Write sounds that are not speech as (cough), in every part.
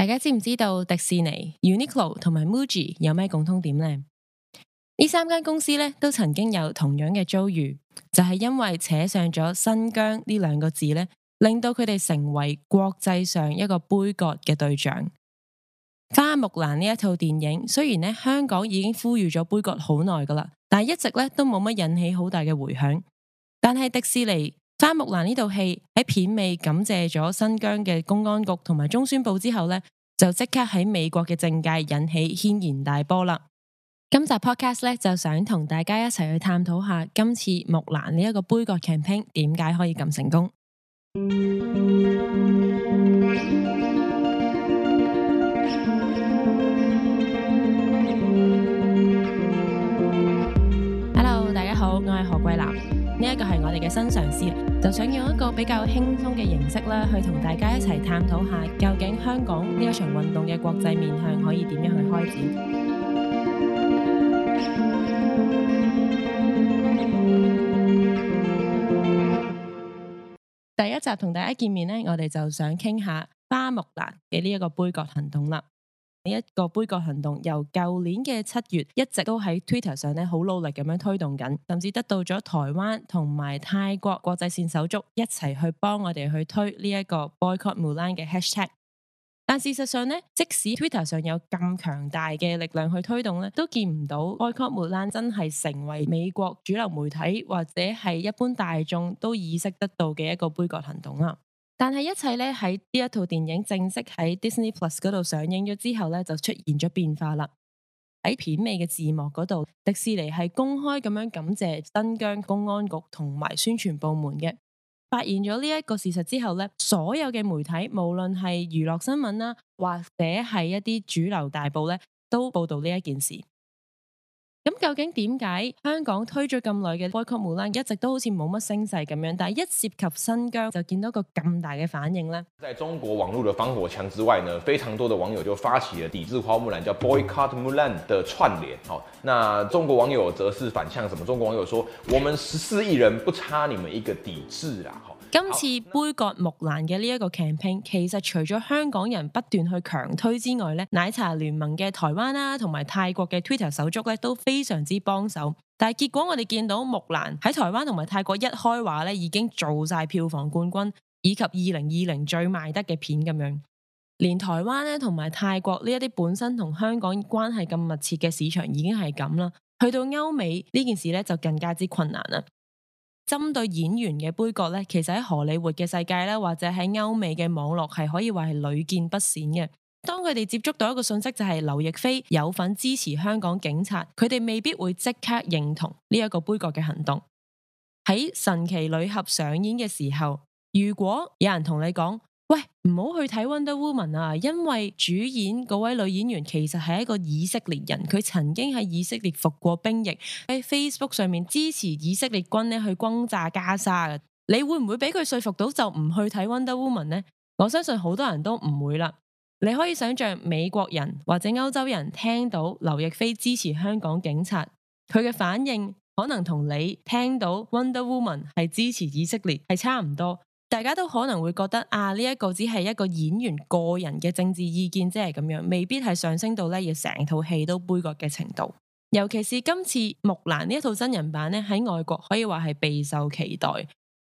大家知唔知道迪士尼、Uniqlo 同埋 Muji 有咩共通點呢？呢三間公司呢都曾經有同樣嘅遭遇，就係因為扯上咗新疆呢兩個字呢，令到佢哋成為國際上一個杯葛嘅對象。花木蘭呢一套電影，雖然呢香港已經呼籲咗杯葛好耐噶啦，但係一直呢都冇乜引起好大嘅回響。但係迪士尼。木蘭《花木蘭》呢套戲喺片尾感謝咗新疆嘅公安局同埋中宣部之後呢，就即刻喺美國嘅政界引起軒然大波啦。今集 podcast 咧就想同大家一齊去探討下，今次木蘭呢一個杯葛 campaign 點解可以咁成功？Hello，大家好，我係何桂南，呢一個係我哋嘅新嘗試。就想用一個比較輕鬆嘅形式啦，去同大家一齊探討下，究竟香港呢一場運動嘅國際面向可以點樣去開展？第一集同大家見面呢，我哋就想傾下花木蘭嘅呢一個杯葛行動啦。呢一個杯葛行動由舊年嘅七月一直都喺 Twitter 上好努力咁樣推動緊，甚至得到咗台灣同埋泰國國際線手足一齊去幫我哋去推呢一個 Boycott Mulan 嘅 Hashtag。但事實上呢，即使 Twitter 上有咁強大嘅力量去推動，都見唔到 Boycott Mulan 真係成為美國主流媒體或者係一般大眾都意識得到嘅一個杯葛行動啊。但係一切咧，喺呢一套電影正式喺 Disney Plus 嗰度上映咗之後咧，就出現咗變化啦。喺片尾嘅字幕嗰度，迪士尼係公開咁樣感謝新疆公安局同埋宣傳部門嘅。發現咗呢一個事實之後咧，所有嘅媒體無論係娛樂新聞啦，或者係一啲主流大報咧，都報道呢一件事。咁究竟點解香港推咗咁耐嘅 Boycott Mulan 一直都好似冇乜聲勢咁樣，但係一涉及新疆就見到個咁大嘅反應呢？在中國網絡的防火牆之外呢，非常多的網友就發起了抵制花木蘭叫 Boycott Mulan 的串聯。好，那中國網友則是反向，什麼？中國網友說，我們十四億人不差你們一個抵制啦！好。今次《杯葛木蘭》嘅呢個 campaign，其實除咗香港人不斷去強推之外，奶茶聯盟嘅台灣啦、啊，同埋泰國嘅 Twitter 手足咧都非常之幫手。但係結果我哋見到木蘭喺台灣同埋泰國一開畫已經做曬票房冠軍，以及二零二零最賣得嘅片咁樣。連台灣同埋泰國呢啲本身同香港關係咁密切嘅市場已經係咁啦。去到歐美呢件事呢，就更加之困難喇。針對演員嘅杯葛咧，其實喺荷里活嘅世界咧，或者喺歐美嘅網絡係可以話係屢見不鮮嘅。當佢哋接觸到一個訊息，就係劉亦菲有份支持香港警察，佢哋未必會即刻認同呢一個杯葛嘅行動。喺《神奇女俠》上演嘅時候，如果有人同你講，喂，唔好去睇 Wonder Woman 啊！因為主演嗰位女演員其實係一個以色列人，佢曾經喺以色列服過兵役，喺 Facebook 上面支持以色列軍咧去轟炸加沙嘅。你會唔會俾佢說服到就唔去睇 Wonder Woman 咧？我相信好多人都唔會啦。你可以想象美國人或者歐洲人聽到劉亦菲支持香港警察，佢嘅反應可能同你聽到 Wonder Woman 係支持以色列係差唔多。大家都可能會覺得啊，呢、這、一個只係一個演員個人嘅政治意見，即係咁樣，未必係上升到要成套戲都杯葛嘅程度。尤其是今次木蘭呢套真人版在喺外國可以話係備受期待。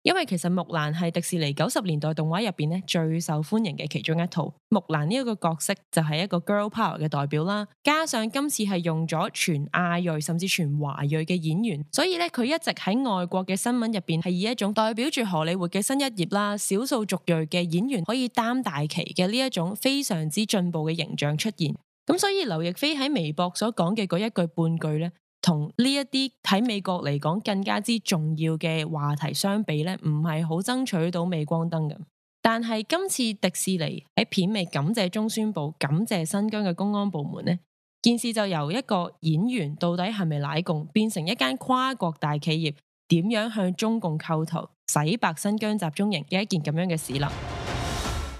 因為其實木蘭係迪士尼九十年代動畫入面最受歡迎嘅其中一套，木蘭呢個角色就係一個 girl power 嘅代表啦，加上今次係用咗全亞裔甚至全華裔嘅演員，所以呢，佢一直喺外國嘅新聞入面係以一種代表住荷里活嘅新一頁啦，少數族裔嘅演員可以擔大旗嘅呢一種非常之進步嘅形象出現。所以劉亦菲喺微博所講嘅嗰一句半句呢同呢一啲喺美國嚟講更加之重要嘅話題相比呢，唔係好爭取到鎂光燈嘅。但係今次迪士尼喺片尾感謝中宣部感謝新疆嘅公安部門，呢件事就由一個演員到底係咪奶共，變成一間跨國大企業點樣向中共叩頭洗白新疆集中營嘅一件咁樣嘅事啦。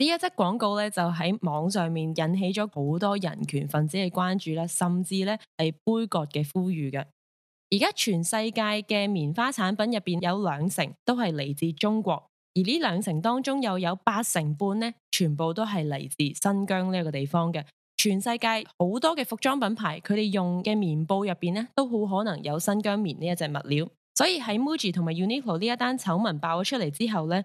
呢一則廣告呢就在就喺網上面引起咗好多人權分子嘅關注啦，甚至是係杯葛嘅呼籲的。現而家全世界嘅棉花產品入面有兩成都係嚟自中國，而呢兩成當中又有八成半呢全部都係嚟自新疆呢個個地方，全世界好多嘅服裝品牌，佢哋用嘅棉布入面呢都好可能有新疆棉呢一隻物料。所以喺 Muji 同埋 Uniqlo 呢一單醜聞爆出嚟之後呢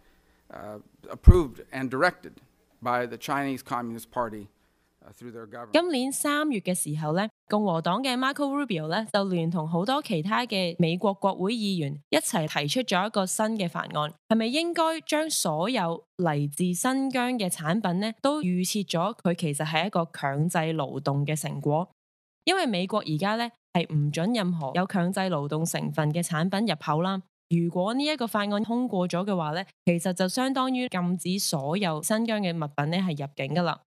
今年三月嘅時候咧，共和黨嘅 Marco Rubio 咧就聯同好多其他嘅美國國會議員一齊提出咗一個新嘅法案，係咪應該將所有嚟自新疆嘅產品咧都預設咗佢其實係一個強制勞動嘅成果？因為美國而家咧係唔准任何有強制勞動成分嘅產品入口啦。如果呢一個法案通過咗嘅話咧，其實就相當於禁止所有新疆嘅物品咧係入境噶啦。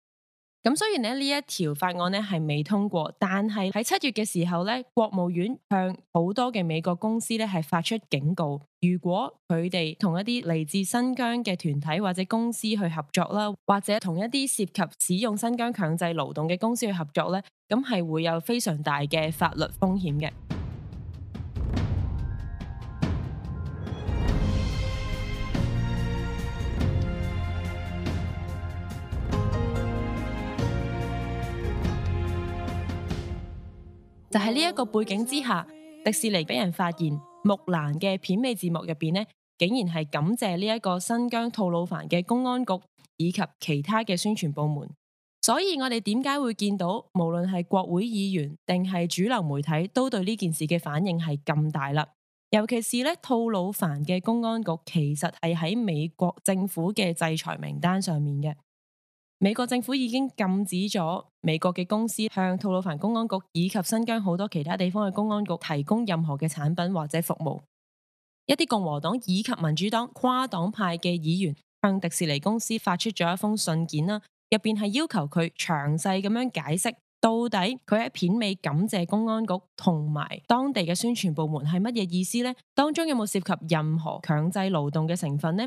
咁雖然咧呢一條法案咧係未通過，但係喺七月嘅時候咧，國務院向好多嘅美國公司咧係發出警告，如果佢哋同一啲嚟自新疆嘅團體或者公司去合作啦，或者同一啲涉及使用新疆強制勞動嘅公司去合作咧，咁係會有非常大嘅法律風險嘅。就喺呢一個背景之下，迪士尼畀人發現《木蘭》嘅片尾字幕入面呢，竟然係感謝呢一個新疆吐魯番嘅公安局以及其他嘅宣傳部門。所以我哋點解會見到，無論係國會議員定係主流媒體，都對呢件事嘅反應係咁大啦。尤其是呢，吐魯番嘅公安局其實係喺美國政府嘅制裁名單上面嘅。美國政府已經禁止咗美國嘅公司向吐魯番公安局以及新疆好多其他地方嘅公安局提供任何嘅產品或者服務。一啲共和黨以及民主黨跨黨派嘅議員向迪士尼公司發出咗一封信件啦，入邊係要求佢詳細咁樣解釋到底佢喺片尾感謝公安局同埋當地嘅宣傳部門係乜嘢意思呢？當中有冇涉及任何強制勞動嘅成分呢？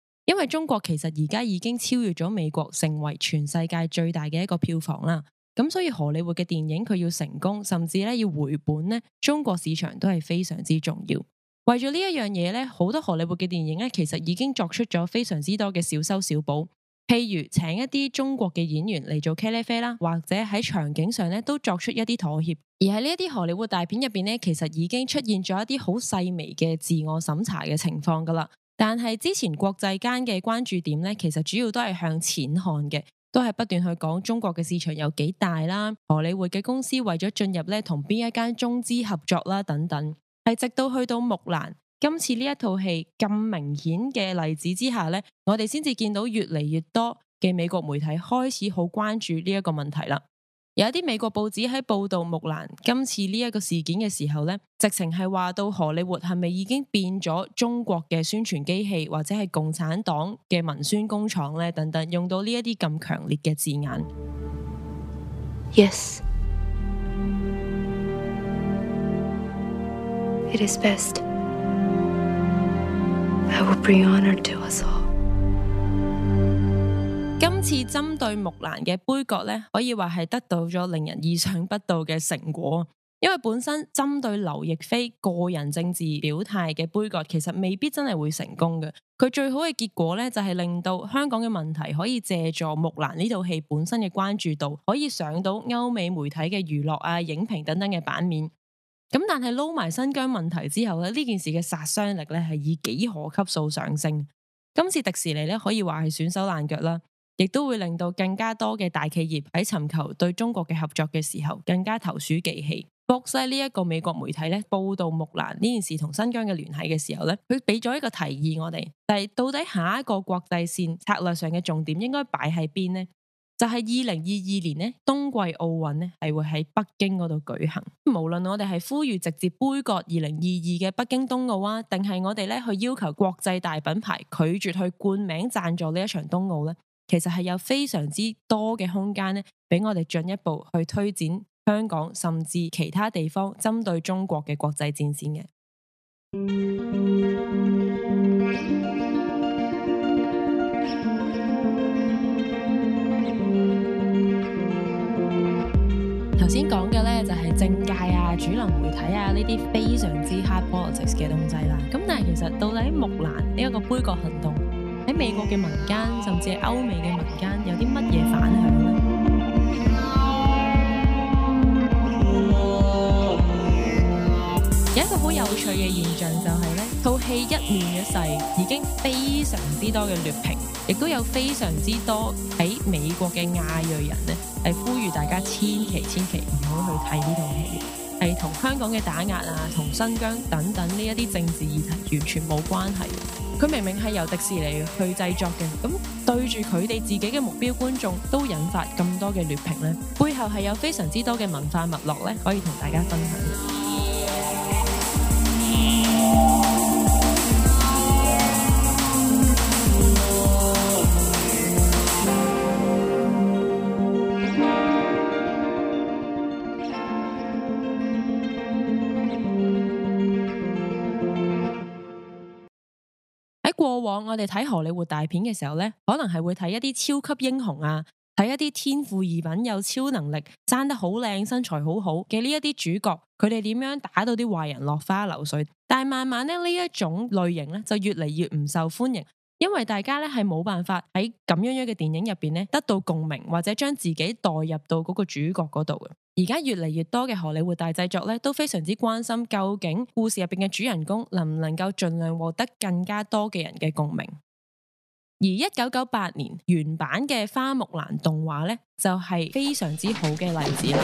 因為中國其實而家已經超越咗美國，成為全世界最大嘅一個票房啦。咁所以荷里活嘅電影佢要成功，甚至呢要回本呢，中國市場都係非常之重要。為咗呢一樣嘢呢，好多荷里活嘅電影呢，其實已經作出咗非常之多嘅小修小補，譬如請一啲中國嘅演員嚟做茄喱啡啦，或者喺場景上呢都作出一啲妥協。而喺呢啲荷里活大片入面呢，其實已經出現咗一啲好細微嘅自我審查嘅情況㗎喇。但是之前國際間嘅關注點呢，其實主要都是向前看嘅，都是不斷去講中國嘅市場有幾大啦，荷里活嘅公司為咗進入呢，同邊一間中資合作啦，等等。是直到去到木蘭今次呢一套戲咁明顯嘅例子之下呢，我哋先至見到越嚟越多嘅美國媒體開始好關注呢一個問題啦。有一啲美國報紙喺報道木蘭今次呢一個事件嘅時候咧，直情係話到，荷里活係咪已經變咗中國嘅宣傳機器，或者係共產黨嘅文宣工廠呢？等等，用到呢一啲咁強烈嘅字眼。Yes, it is best. I will bring honor to us all. 次針對木蘭嘅杯葛，咧，可以話係得到咗令人意想不到嘅成果，因為本身針對劉亦菲個人政治表態嘅杯葛，其實未必真係會成功嘅。佢最好嘅結果咧，就係令到香港嘅問題可以借助木蘭呢套戲本身嘅關注度，可以上到歐美媒體嘅娛樂啊、影評等等嘅版面。咁但係撈埋新疆問題之後呢，呢件事嘅殺傷力咧係以幾何級數上升的。今次迪士尼咧可以話係損手爛腳啦。亦都會令到更加多嘅大企業喺尋求對中國嘅合作嘅時候，更加投鼠忌器。Vox 呢一個美國媒體咧報道木蘭呢件事同新疆嘅聯繫嘅時候咧，佢俾咗一個提議我哋，就係、是、到底下一個國際線策略上嘅重點應該擺喺邊呢？就係二零二二年呢冬季奧運呢係會喺北京嗰度舉行。無論我哋係呼籲直接杯葛二零二二嘅北京冬奧啊，定係我哋咧去要求國際大品牌拒絕去冠名贊助呢一場冬奧咧、啊？其實係有非常之多嘅空間咧，俾我哋進一步去推展香港甚至其他地方針對中國嘅國際戰爭國際戰線嘅。頭先講嘅呢，就係政界啊、主流媒體啊呢啲非常之 hard politics 嘅東西啦。咁但係其實到底木蘭呢一個杯葛行動，喺美國嘅民間，甚至係歐美嘅民間，有啲乜嘢反響咧？ (music) 有一個好有趣嘅現象就係、是、咧，套戲一年一世已經非常之多嘅劣評，亦都有非常之多喺美國嘅亞裔人呢係呼籲大家千祈千祈唔好去睇呢套戲，係同香港嘅打壓啊，同新疆等等呢一啲政治議題完全冇關係。佢明明係由迪士尼去製作嘅，咁對住佢哋自己嘅目標觀眾都引發咁多嘅劣評咧，背後係有非常之多嘅文化脈絡咧，可以同大家分享。過往我哋睇荷里活大片嘅時候呢，可能係會睇一啲超級英雄啊，睇一啲天賦異稟、有超能力、生得好靚、身材好好嘅呢一啲主角，佢哋點樣打到啲壞人落花流水。但係慢慢咧，呢一種類型咧，就越嚟越唔受歡迎，因為大家咧係冇辦法喺咁樣樣嘅電影入面咧，得到共鳴，或者將自己代入到嗰個主角嗰度嘅而家越嚟越多嘅荷里活大製作咧，都非常之關心究竟故事入邊嘅主人公能唔能夠盡量獲得更加多嘅人嘅共鳴。而一九九八年原版嘅花木蘭動畫呢，就係非常之好嘅例子啦。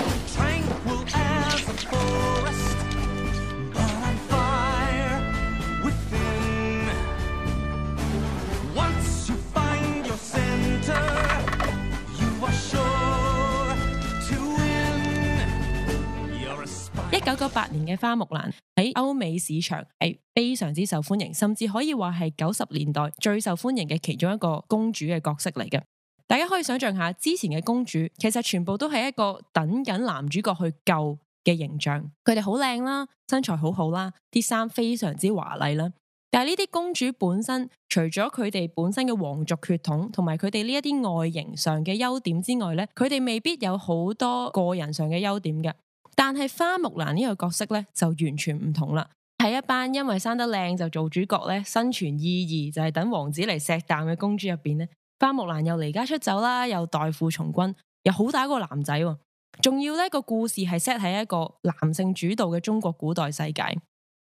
九九八年嘅花木蘭喺歐美市場係非常之受歡迎，甚至可以話係九十年代最受歡迎嘅其中一個公主嘅角色嚟嘅。大家可以想象一下，之前嘅公主其實全部都係一個等緊男主角去救嘅形象，佢哋好靚啦，身材好好啦，啲衫非常之華麗啦。但係呢啲公主本身，除咗佢哋本身嘅皇族血統同埋佢哋呢一啲外形上嘅優點之外咧，佢哋未必有好多個人上嘅優點嘅。但係花木蘭呢個角色咧就完全唔同啦，喺一班因為生得靚就做主角咧，生存意義就係等王子嚟錫啖嘅公主入邊咧，花木蘭又離家出走啦，又代父從軍，又好大一個男仔、啊，仲要呢個故事係 set 喺一個男性主導嘅中國古代世界，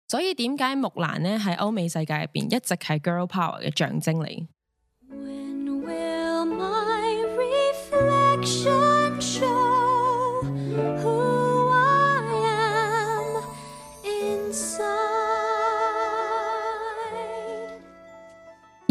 所以點解木蘭呢喺歐美世界入邊一直係 girl power 嘅象徵嚟？When will my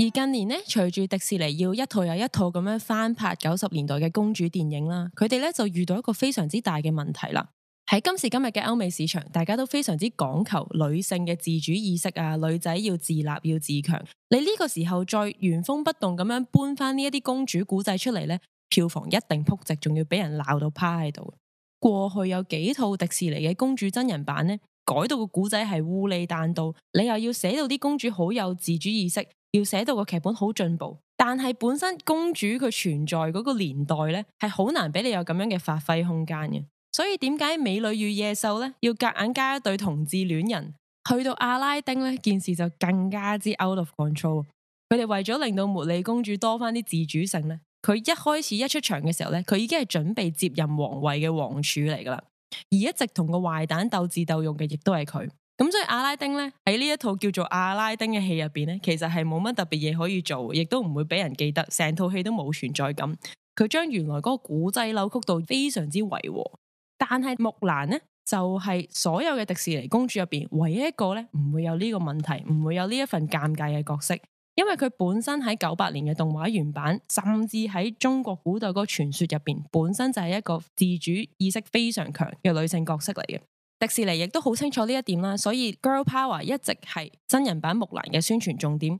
而近年咧，隨住迪士尼要一套又一套咁樣翻拍九十年代嘅公主電影啦，佢哋咧就遇到一個非常之大嘅問題啦。喺今時今日嘅歐美市場，大家都非常之講求女性嘅自主意識啊，女仔要自立要自強。你呢個時候再原封不動咁樣搬翻呢一啲公主古仔出嚟咧，票房一定撲直，仲要俾人鬧到趴喺度。過去有幾套迪士尼嘅公主真人版呢，改到個古仔係烏哩單刀，你又要寫到啲公主好有自主意識。要寫到個劇本好進步，但係本身公主佢存在嗰個年代呢，係好難俾你有咁樣嘅發揮空間嘅。所以點解美女與野獸呢？要夾硬加一對同志戀人？去到阿拉丁呢件事就更加之 out of control。佢哋為咗令到茉莉公主多翻啲自主性呢，佢一開始一出場嘅時候呢，佢已經係準備接任王位嘅王儲嚟噶啦，而一直同個壞蛋鬥智鬥勇嘅，亦都係佢。咁所以阿拉丁咧，喺呢一套叫做阿拉丁嘅戲入邊咧，其實係冇乜特別嘢可以做，亦都唔會俾人記得，成套戲都冇存在感。佢將原來嗰個古仔扭曲到非常之違和，但係木蘭咧，就係所有嘅迪士尼公主入邊唯一一個咧，唔會有呢個問題，唔會有呢一份尷尬嘅角色，因為佢本身喺九八年嘅動畫原版，甚至喺中國古代嗰個傳說入邊，本身就係一個自主意識非常強嘅女性角色嚟嘅。迪士尼亦都好清楚呢一點啦，所以 Girl Power 一直係真人版木蘭嘅宣傳重點。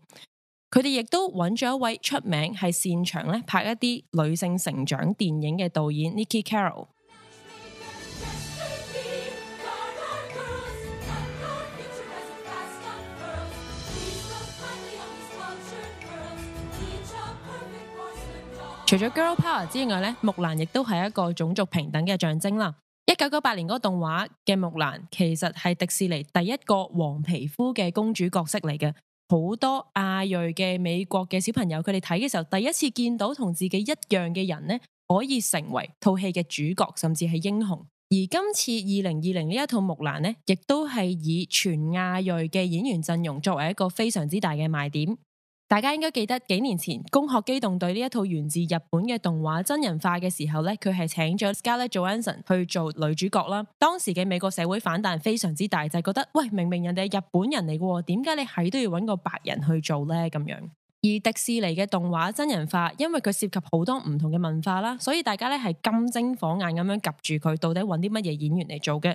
佢哋亦都揾咗一位出名係擅長咧拍一啲女性成長電影嘅導演 Niki Caro。除咗 Girl Power 之外咧，木蘭亦都係一個種族平等嘅象徵啦。一九九八年嗰個動畫嘅木蘭其實係迪士尼第一個黃皮膚嘅公主角色嚟嘅，好多亞裔嘅美國嘅小朋友佢哋睇嘅時候第一次見到同自己一樣嘅人呢，可以成為套戲嘅主角甚至係英雄。而今次二零二零呢一套木蘭呢，亦都係以全亞裔嘅演員陣容作為一個非常之大嘅賣點。大家應該記得幾年前《攻殼機動隊》呢一套源自日本嘅動畫真人化嘅時候呢，佢係請咗 Scarlett Johansson 去做女主角啦。當時嘅美國社會反彈非常之大，就係、是、覺得喂，明明人哋係日本人嚟嘅，點解你喺都要揾個白人去做呢？噉樣。而迪士尼嘅動畫真人化，因為佢涉及好多唔同嘅文化啦，所以大家是金睛火眼咁樣睇住佢到底搵啲乜嘢演員嚟做嘅。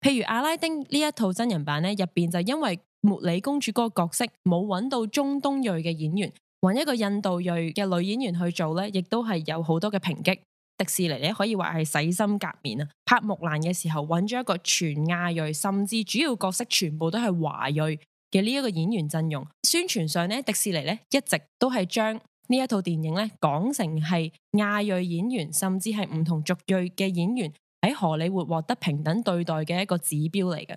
譬如《阿拉丁》呢一套真人版呢，入面就因為。茉莉公主嗰個角色冇揾到中東裔嘅演員，揾一個印度裔嘅女演員去做呢，亦都係有好多嘅抨擊。迪士尼呢可以話係洗心革面啊，拍木蘭嘅時候揾咗一個全亞裔，甚至主要角色全部都係華裔嘅呢一個演員陣容。宣傳上呢，迪士尼呢一直都係將呢一套電影呢講成係亞裔演員，甚至係唔同族裔嘅演員喺荷里活獲得平等對待嘅一個指標嚟嘅。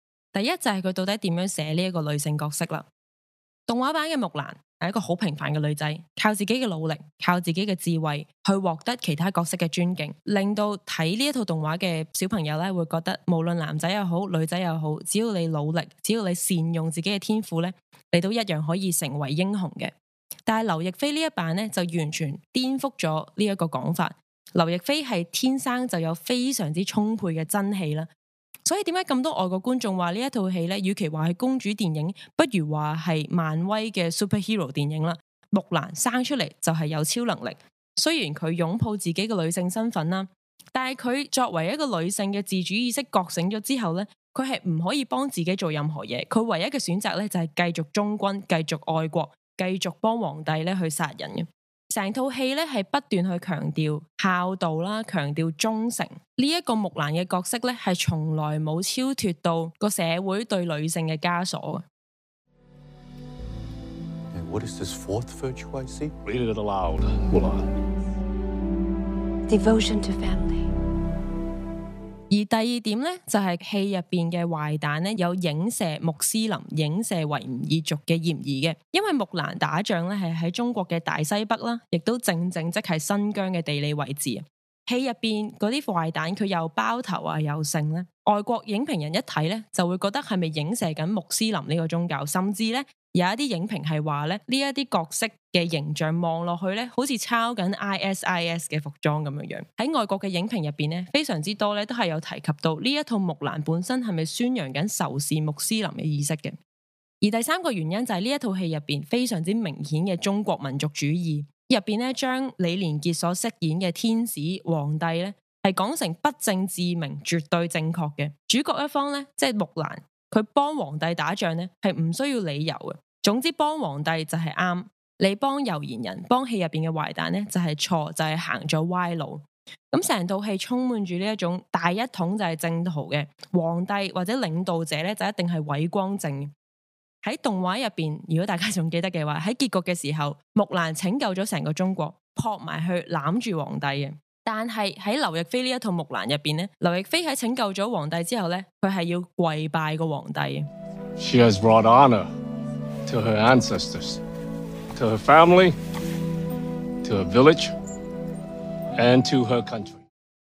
第一就係佢到底點樣寫呢個女性角色啦？動畫版嘅木蘭係一個好平凡嘅女仔，靠自己嘅努力，靠自己嘅智慧去獲得其他角色嘅尊敬，令到睇呢一套動畫嘅小朋友會覺得，無論男仔又好，女仔又好，只要你努力，只要你善用自己嘅天賦，你都一樣可以成為英雄嘅。但係劉亦菲呢一版呢，就完全顛覆咗呢一個講法，劉亦菲係天生就有非常之充沛嘅真氣啦。所以點解咁多外國觀眾話呢一套戲呢？與其話係公主電影，不如話係漫威嘅 superhero 電影啦。木蘭生出嚟就係有超能力，雖然佢擁抱自己嘅女性身份啦，但係佢作為一個女性嘅自主意識覺醒咗之後呢，佢係唔可以幫自己做任何嘢，佢唯一嘅選擇呢，就係繼續忠君、繼續愛國、繼續幫皇帝呢去殺人。成套戲咧，係不斷去強調孝道啦，強調忠誠。呢、這、一個木蘭嘅角色咧，係從來冇超脱到個社會對女性嘅枷鎖嘅。而第二點呢，就係戲入面嘅壞蛋呢，有影射穆斯林、影射維吾爾族嘅嫌疑嘅，因為木蘭打仗呢係喺中國嘅大西北啦，亦都正正即係新疆嘅地理位置啊。戲入面嗰啲壞蛋，佢又包頭啊，又剩呢。外國影評人一睇咧，就會覺得係咪影射緊穆斯林呢個宗教？甚至咧，有一啲影評係話咧，呢一啲角色嘅形象望落去咧，好似抄緊 ISIS 嘅服裝咁樣樣。喺外國嘅影評入邊咧，非常之多咧，都係有提及到呢一套木蘭本身係咪宣揚緊仇視穆斯林嘅意識嘅？而第三個原因就係呢一套戲入邊非常之明顯嘅中國民族主義，入邊咧，將李連杰所飾演嘅天使皇帝咧。係講成不證自明絕對正確嘅主角一方咧，即係木蘭，佢幫皇帝打仗咧，係唔需要理由嘅。總之幫皇帝就係啱，你幫柔然人幫戲入邊嘅壞蛋咧就係、是、錯，就係行咗歪路。咁成套戲充滿住呢一種大一統就係正途嘅，皇帝或者領導者咧就一定係偉光正。喺動畫入邊，如果大家仲記得嘅話，喺結局嘅時候，木蘭拯救咗成個中國，撲埋去攬住皇帝嘅。但係喺劉亦菲呢一套木蘭入邊咧，劉亦菲喺拯救咗皇帝之後咧，佢係要跪拜個皇帝。She has brought honor to her ancestors, to her family, to her village, and to her country。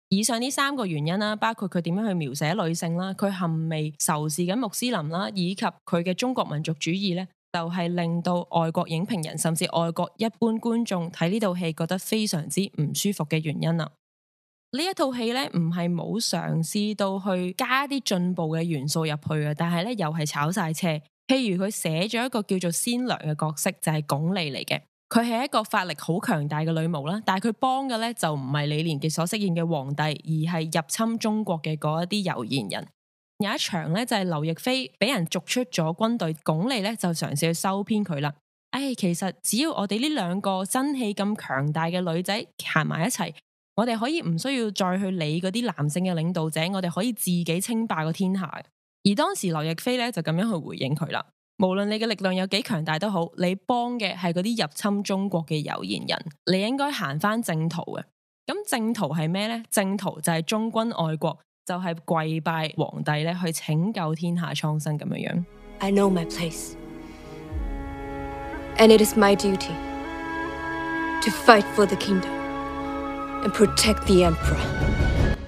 以上呢三個原因啦，包括佢點樣去描寫女性啦，佢含未仇視緊穆斯林啦，以及佢嘅中國民族主義咧。就係令到外國影評人甚至外國一般觀眾睇呢套戲覺得非常之唔舒服嘅原因啦。呢一套戲咧唔係冇嘗試到去加啲進步嘅元素入去嘅，但係咧又係炒晒車。譬如佢寫咗一個叫做仙娘嘅角色，就係鞏俐嚟嘅，佢係一個法力好強大嘅女巫啦。但係佢幫嘅咧就唔係李連杰所飾演嘅皇帝，而係入侵中國嘅嗰一啲柔然人。有一場咧就係劉亦菲俾人逐出咗軍隊，鞏俐咧就嘗試去收編佢啦。誒、哎，其實只要我哋呢兩個真氣咁強大嘅女仔行埋一齊，我哋可以唔需要再去理嗰啲男性嘅領導者，我哋可以自己稱霸個天下。而當時劉亦菲咧就咁樣去回應佢啦。無論你嘅力量有幾強大都好，你幫嘅係嗰啲入侵中國嘅柔然人，你應該行翻正途嘅。咁正途係咩呢？正途就係忠君愛國。就是跪拜皇帝咧，去拯救天下蒼生咁樣 I know my place, and it is my duty to fight for the kingdom and protect the emperor。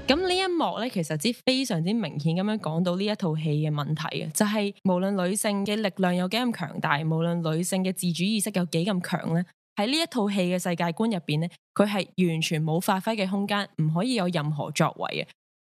咁呢一幕咧，其實之非常之明顯咁樣講到呢一套戲的問題就是無論女性的力量有幾咁強大，無論女性的自主意識有幾咁強咧，喺呢一套戲的世界觀入邊咧，佢係完全冇發揮的空間，唔可以有任何作為嘅。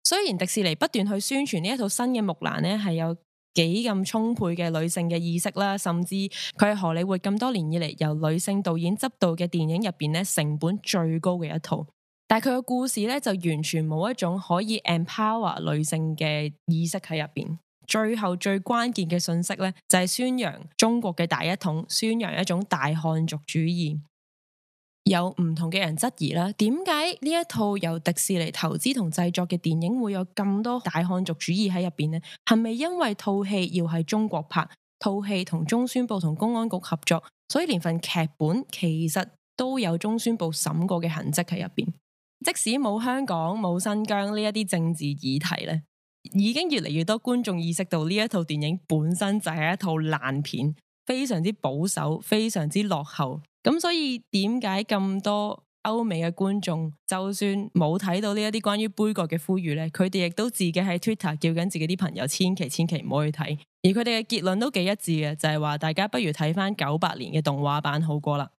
雖然迪士尼不斷去宣傳呢套新嘅木蘭係有幾咁充沛嘅女性嘅意識啦，甚至佢係荷里活咁多年以嚟由女性導演執導嘅電影入面成本最高嘅一套，但係佢嘅故事咧就完全冇一種可以 empower 女性嘅意識喺入面。最後最關鍵嘅信息咧就係宣揚中國嘅大一統，宣揚一種大漢族主義。有唔同嘅人質疑啦，點解呢一套由迪士尼投資同製作嘅電影會有咁多大漢族主義喺入邊呢？係咪因為套戲要喺中國拍，套戲同中宣部同公安局合作，所以連份劇本其實都有中宣部審過嘅痕跡喺入邊？即使冇香港冇新疆呢一啲政治議題咧，已經越嚟越多觀眾意識到呢一套電影本身就係一套爛片，非常之保守，非常之落後。咁所以點解咁多歐美嘅觀眾，就算冇睇到呢一啲關於杯葛嘅呼籲呢，佢哋亦都自己喺 Twitter 叫緊自己啲朋友，千祈千祈唔好去睇。而佢哋嘅結論都幾一致嘅，就係話大家不如睇翻九八年嘅動畫版好過啦。 (music)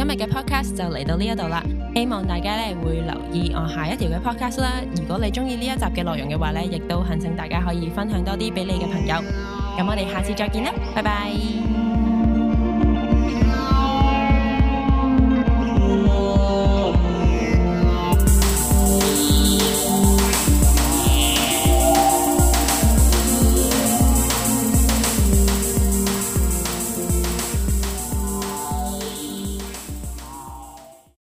今日嘅 podcast 就嚟到呢一度啦，希望大家咧會留意我下一條嘅 podcast 啦。如果你中意呢一集嘅內容嘅話咧，亦都懇請大家可以分享多啲俾你嘅朋友。咁我哋下次再見啦，拜拜。